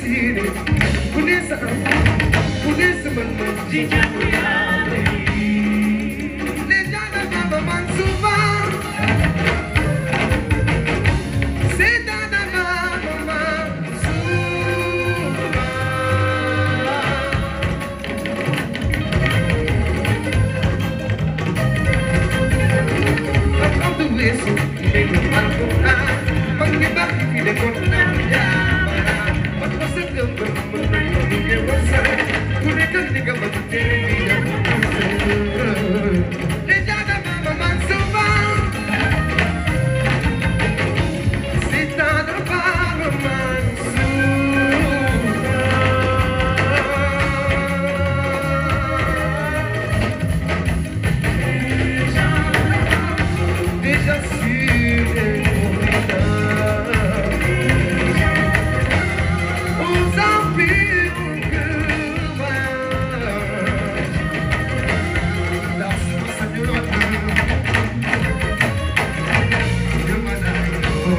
Polis yéene ku ne sa am ku ne sa mën-mën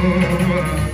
Oh,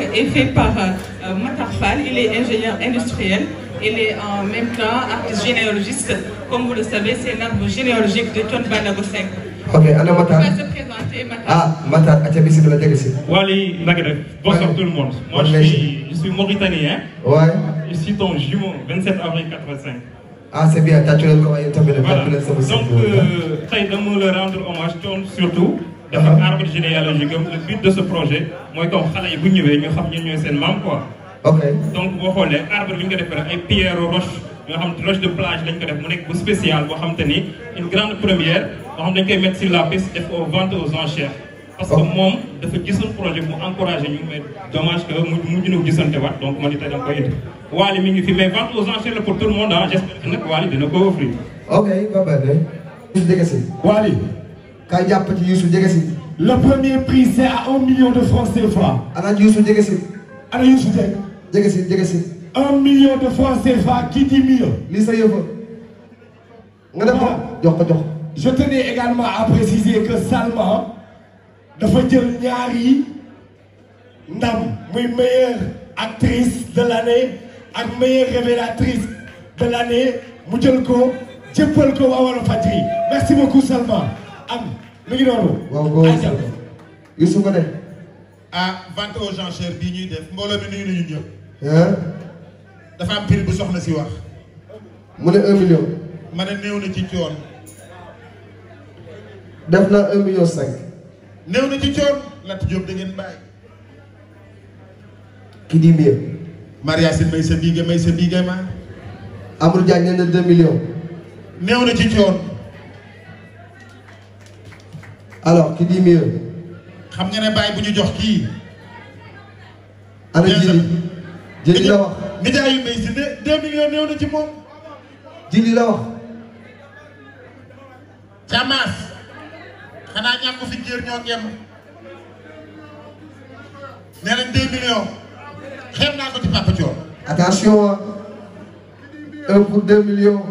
est fait par euh, Matarfal. Il est ingénieur industriel. Il est en même temps artiste généalogiste. Comme vous le savez, c'est l'arbre généalogique de Thione Ballago Seck. ok ana Matar. va se présenter Matar. ah Matar Atia bisimilah dégg si. Wally naka def. bonsoir tout le monde. moi je suis je suis mauritanien. ouais. je suis ton jumeau 27 avril 85. ah c' est bien tàccu leen ko waaye tamit. voilà donc tey dama la rendre hommage Thione surtout. dafa aar origine yàlla je gëm le but de ce projet mooy comme xale yi bu ñëwee ñu xam ñun ñooy seen maam quoi. ok donc boo xoolee arbre bi ñu ko defee ay pierre roche yoo xam roche de plage lañ ko def mu nekk bu spécial boo xam te ni une grande première boo xam dañ koy mettre sur la piste def aux ventes aux enchères. parce que moom dafa gisoon projet mu encouragé ñu mais dommage que mu mujj na ko gisante waat donc man itam da nga koy indi. Wally mi ngi fi mais vente aux enchères la pour tout le monde ah j' espère que nag Wally dina ko offrir. ok ba pare. Wally. kaay jàpp ci Youssou jege si. le premier prix c'est à un million de francs CFA. ana Youssou jege si. ana Youssou jege. un million de francs CFA qui dit mieux. lii sa yëfa nga def ko jox ko jox ko. je également à préciser que Salma dafa jël ñaari ndam muy meilleure actrice de l'année ak meilleure révélatrice de l'année mu jël ko jëppal ko waa Walfadjri merci beaucoup Salma. am mi ngi noonu. waaw góor Youssou ko de. ah vente aux enchères bii ñuy def mbooloo mi nuyu nañu ñëpp. dafa am prix bu soxna si wax. mu ne un million. ma ne néew na ci coon. def na un million cinq. néew na ci coon Lat Diop da bàyyi. ki di mbir. Maria Sine may sa biige may sa biige ma. Amadou Diagne nee na deux millions. néew na ci coon. alors qui dit mieux. xam nga ne bu ñu jox kii. ana jili jili la wax. média yu may si ne deux millions néew na ci moom. jili la wax. Jamaas. xanaa ñàkk fi jéer ñoo nee nañ deux millions. xeeb naa ko ci Papa Thion. attention un pour deux millions.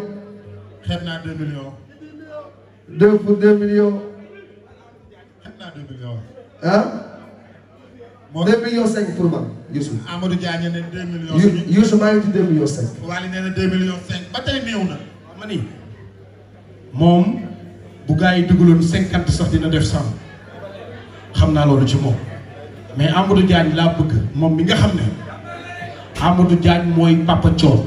xeeb naa deux millions. deux pour deux millions. ah. moo 2 millions 5 pour man Youssou. Amadou Diagne ne 2 millions. Youssou maa ngi ci 2 millions 5. Waly moom bu gars yi dugaloon 50 sax dina def 100 xam naa loolu ci moom mais Amadou Diagne laa bëgg moom mi nga xam ne Amadou Diagne mooy papa Thion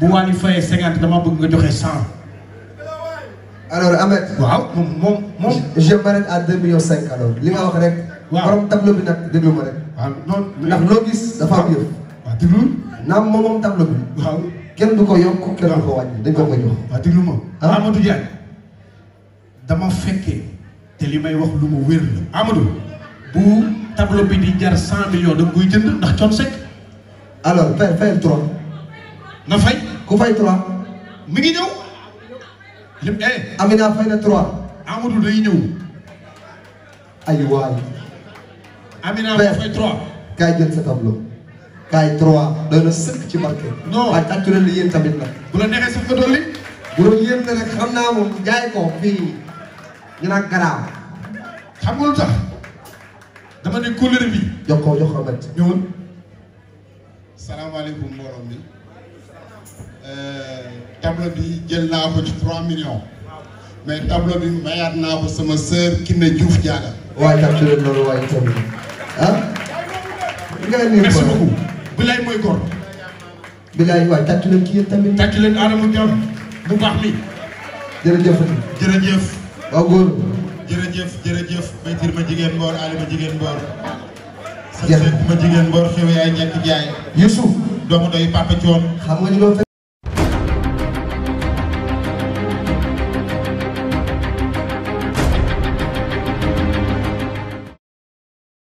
bu Waly fayee 50 dama bëgg nga joxe 100. alors Ahmed. waaw moom moom moom. je m'arrête à deux millions cinq alors li nga wax rek. waaw tableau bi nag déglu rek. waaw noonu. ndax loo gis dafa am yëf. waaw déglu. naam moom tableau bi. waaw kenn du ko yokk kenn du ko wàññi dañ ko ko jox. dama fekkee te li may wax lu mu wér la Amadou. bu tableau bi di jar cent millions da nga jënd ndax coon sekk. alors fay fayal na fay. ku fay trois. mi ngi ñëw. lim eh. Amina fay na trois. Amadou day ñëw. ay waay. Amina fay trois. kaay jël sa tableau. kaay trois doy na sëkk ci marqué. non waaye tàcculeen li yéen tamit nag. bu la neexee sax nga dolli. bu doon yéen ne nag xam naa moom jaay ko fii ñu naan garaaw. xam nga lu tax. dama ne couleur bi. jox ko jox ko bët. ñëwul. salaamaaleykum mbooloo mi. Euh, tableau bi jël naa ko ci 3 millions mais tableau bi mayaat naa ko sama sœur na Diouf Diaga. waaye tàcc leen loolu waaye itam ah. ngay nuyu merci beaucoup. leen kii tamit. bu baax mi. jërëjëf. jërëjëf. waaw góor. jërëjëf jërëjëf Maïtir ma jigéen mboor Ali ma jigéen mboor. jërëjëf ma jigéen mboor xew yaay ñekk jaay. Yusuf doomu doy Papa Thion. xam nga ni